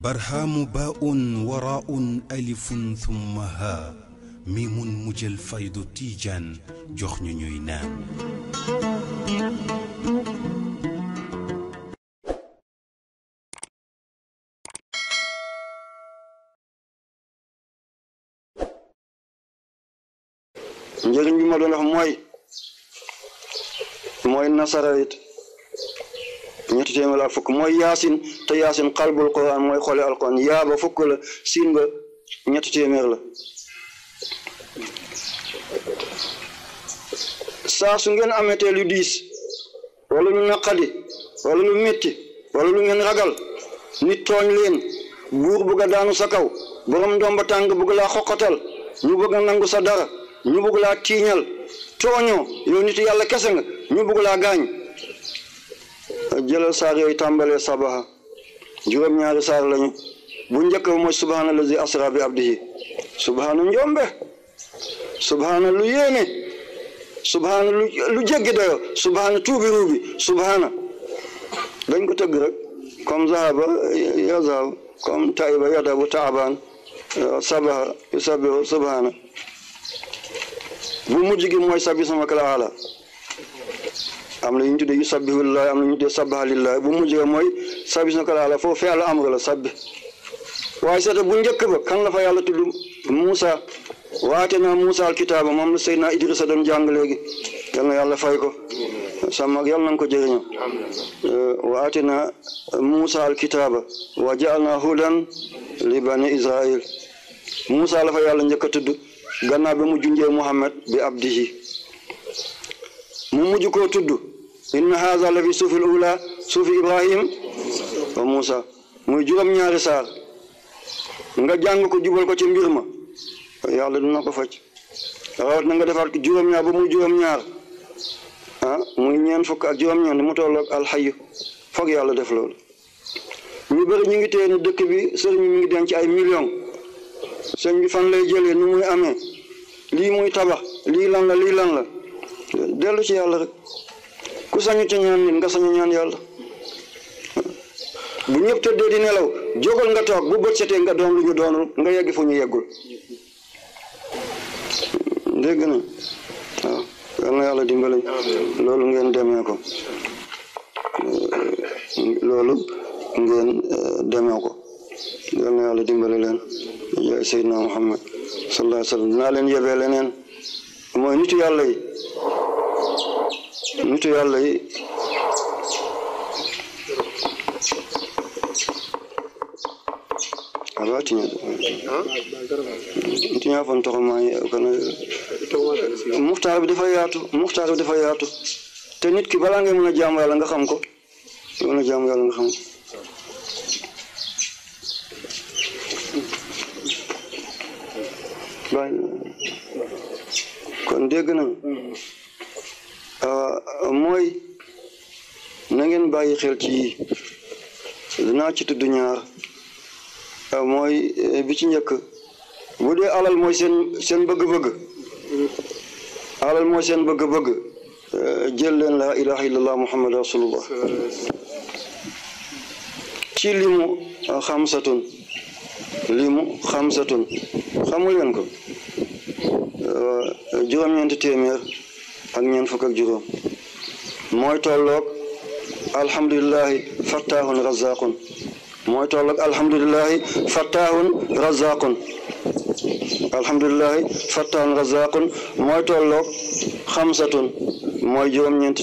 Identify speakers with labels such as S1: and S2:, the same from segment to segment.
S1: برهام باء وراء ألف ثم ها ميم مجل فيض تيجان جخن نام njëriñ bi ma doon wax mooy mooy nasara it ñetti téeméer ak fuk moy yasin te yasin qalbul quran moy xolé alquran ya ba fuk la sin ba ñetti téeméer la sa su ngeen ametee lu diis wala lu naqadi wala lu metti wala lu ngeen ragal nit togn leen buur bu ga daanu sa kaw borom ndomba tang bu laa xoqatal ñu bëgg nangu sa dara ñu bëgg la tiñal toño yow nit yalla kese nga ñu bëgg la gañ jëlal saar yooyu tàmbalee sabaha juróom-ñaari saar lañu bu njëkk ba mooy subhaana lazi asra bi abdihi subhaana njombe subhaana lu yéene subhaana lu lu jéggi subhaana tuubi ruubi subhaana dañ ko tëgg rek comme zahaba yazhab comme taiba yadabu subhaana bu mujj gi mooy sabi sama kala ala am na yu ñu tuddee yu sabbihu lillahi am la ñu tuddee sabbaha lillahi bu mujj mooy sabis na ko laala foofu fee la amr la sabbi waaye seeta bu njëkk ba kan la fa yàlla tudd musa waate naa Moussa alkitaaba moom la Seydina Idrissa doon jàng léegi yal na yàlla fay ko sama yal na nga ko jëriñoo waate naa Moussa alkitaaba wa jaalnaa hudan li bani Israil Moussa la fa yàlla njëkk a tudd gannaaw bi mu junjee Muhammad bi abdihi mu mujj koo tudd إن هذا لفي suuf الأولى sufi Ibrahim وموسى Moussa muy juróom ñaari saar nga jàng ko jubal ko ci mbir ma yàlla dina ko faj rawat na nga defaat ko juróom-ñaar ba muy juróom-ñaar ah muy ñeen fukk ak ni mu tolloog alxayu foog yàlla def loolu ñu bëri ñu ngi téye ni bi sëriñ mi ngi denc ay million sëñ bi fan lay jëlee ni muy amee lii muy tabax lan la lan la ci ku sañu ca ñaan nga sañu ñaan yàlla bu ñëpp tëddee di nelaw jógal nga toog bu bët setee nga doon lu ñu doonul nga yegg fu ñu yeggul dégg na waaw yal loolu ngeen demee ko loolu eh, ko yal na yàlla dimbale leen yaay Seydina Muhammad sallallahu alayhi naa leen yebee leneen mooy nitu yàlla yi nitu yàlla yi alwa tiña tiña fon toxo ma kana muxtaar bi dafa yaatu muxtaar bi dafa yaatu te nit ki balaa ngay mën a jaamu yàlla nga xam ko nga a jaamu yàlla nga xam ko kon dégg nañu Euh, mooy na ngeen bàyyi xel ci dinaa ci tudd ñaar euh, mooy euh, bi ci njëkk bu dee alal mooy seen seen bëgg-bëgg alal seen bëgg-bëgg jël leen laa ilaha illallah muhammad rasulullah ci limu xamsatun limu xamsatun xamu leen ko juróom-ñeenti téeméer ak ñeent fukk ak juróom mooy tolloog alhamdulilahi fattaahun razaqun mooy tolloog alhamdulilahi xamsatun mooy juróom-ñeent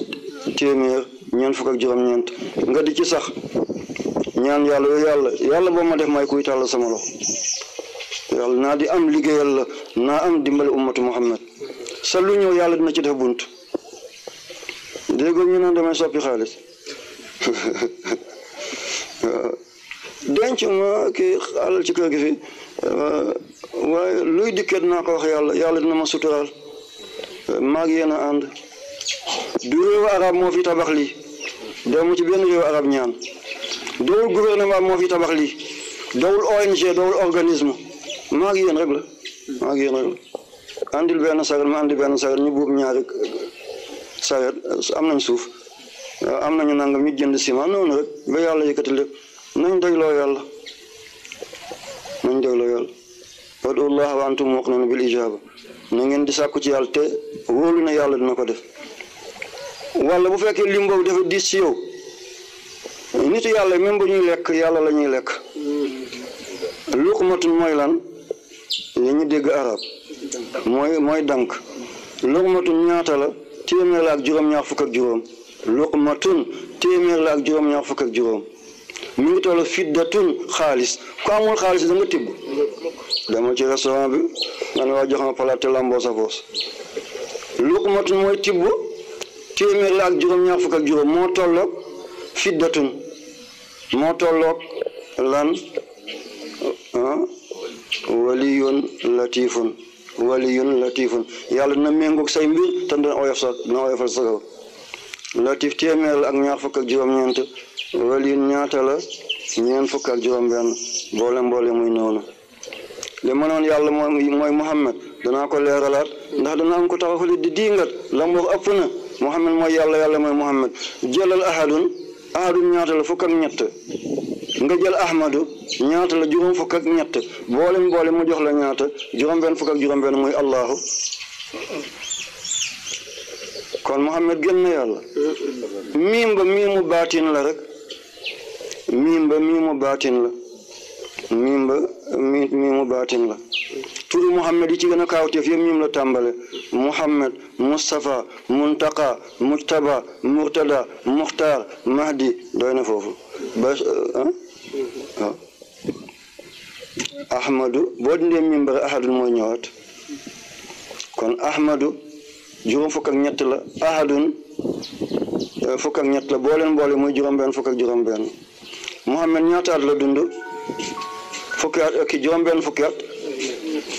S1: téeméer ñeent fukk ak juróom-ñeent nga di ci sax ñaan yàlla yow yàlla yàlla boo ma def may kuy tàll sama loxo yàlla di am liggéeyal la am dimbali ummatu muhammad sa lu ñëw yàlla dina ci def bunt déggoo ñu naan damay soppi xaalis denc ma kii alal ci kër gi fi waaye luy dikkee dinaa ko wax yàlla yàlla dina ma suturaal maag yéen a ànd du réewu arab moo fi tabax lii demu ci benn réewu arab ñaan dowul gouvernement moo fi tabax lii dowul ONG dowul organisme maag yéen rek la maag yéen rek andil benn sagar ma andi benn sagar ñu buub am nañ suuf am nañu nangam ñu jënd ciment noonu rek ba yàlla yëkkati lépp nañ dégloo yàlla nañ dégloo yàlla wadu llah wa antum muqinun bil ijaba na ngeen di sàkku ci yàlla te wóolu na yàlla dina ko def wala bu fekkee lim boobu dafa diis ci yow nitu yàlla même bu ñuy lekk yàlla la ñuy lekk mm-hmm. luqmatun mooy lan li dégg arab mooy mooy dank luqmatun ñaata la téeméer la ak juróom-ñaar fukk ak juróom luqmatun téeméer la ak juróom-ñaar fukk ak juróom mi ngi xaalis ku amul xaalis da nga tibb dama ci restaurant bi nga ne waa jox ma palaat te lamboo sa poos luqmatun mooy tibb téeméer la ak juróom-ñaar fukk ak juróom moo tolloog fiddatun moo tolloog lan ah? waliyun latifun waliyun latifun yàlla dina méngoog say mbir te dina oyof sa dina oyofal sa latif téeméer la ak ñaar fukk ak juróom-ñeent waliyun ñaata la ñeent fukk ak juróom-benn boole mboole muy noonu li ma noon yàlla mooy mooy Muhammad ko leeralaat ndax danaa am ko tax a xool di diingat la mu wax ëpp na Muhammad mooy yàlla yàlla mooy Muhammad jëlal ahadun ahadun ñaata la fukk ak ñett. nga jël ahmadu ñaata la juróom fukk ak ñett boolem boolem mu jox la ñaata juróom-benn fukk ak juróom-benn muy allahu kon muhammad gën na yàlla miim ba miimu baatin la rek miim ba miimu baatin la miim ba miimu baatin la tudu Muhammad ci gëna a te fi la tambalé Muhammad Mustafa Muntaka Mujtaba Murtada muhtar Mahdi doyna fofu ba eh, ah? Ah. Ahmadu bo dindee mim bari ahadun ñëwaat kon Ahmadu juroom fuk ak ñett la ahadun eh, fukang ak ñett la bo leen boole moy juroom ben fuk ak juroom ben Muhammad ñata la dundu fuk at ak juroom ben fuk ak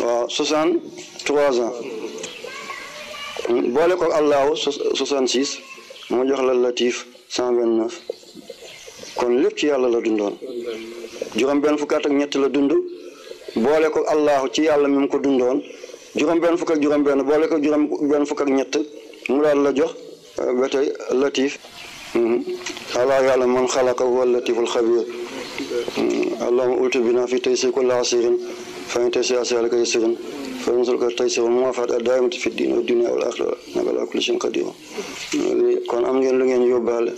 S1: waaw soixante trois ans boole ko allahu soixante six moo jox la latif cent vingt neuf kon lépp ci yàlla la dundoon juróom-benn fukk at ak ñett la dund boole ko allahu ci yàlla mi mu ko dundoon juróom-benn fukk ak juróom-benn boole ko juróom-benn fukk ñett mu daal la jox euh, ba tey latif mhm. alaa yàlla man xalaqa wal latiful xabir mhm. allahuma utu bina fi tey si kulla asirin فإن تيسر ذلك يسرا فينزل كالتيسر والموافقة الدائمة في الدين والدنيا والآخرة نقل كل شيء قدير كون أمر لن يوبال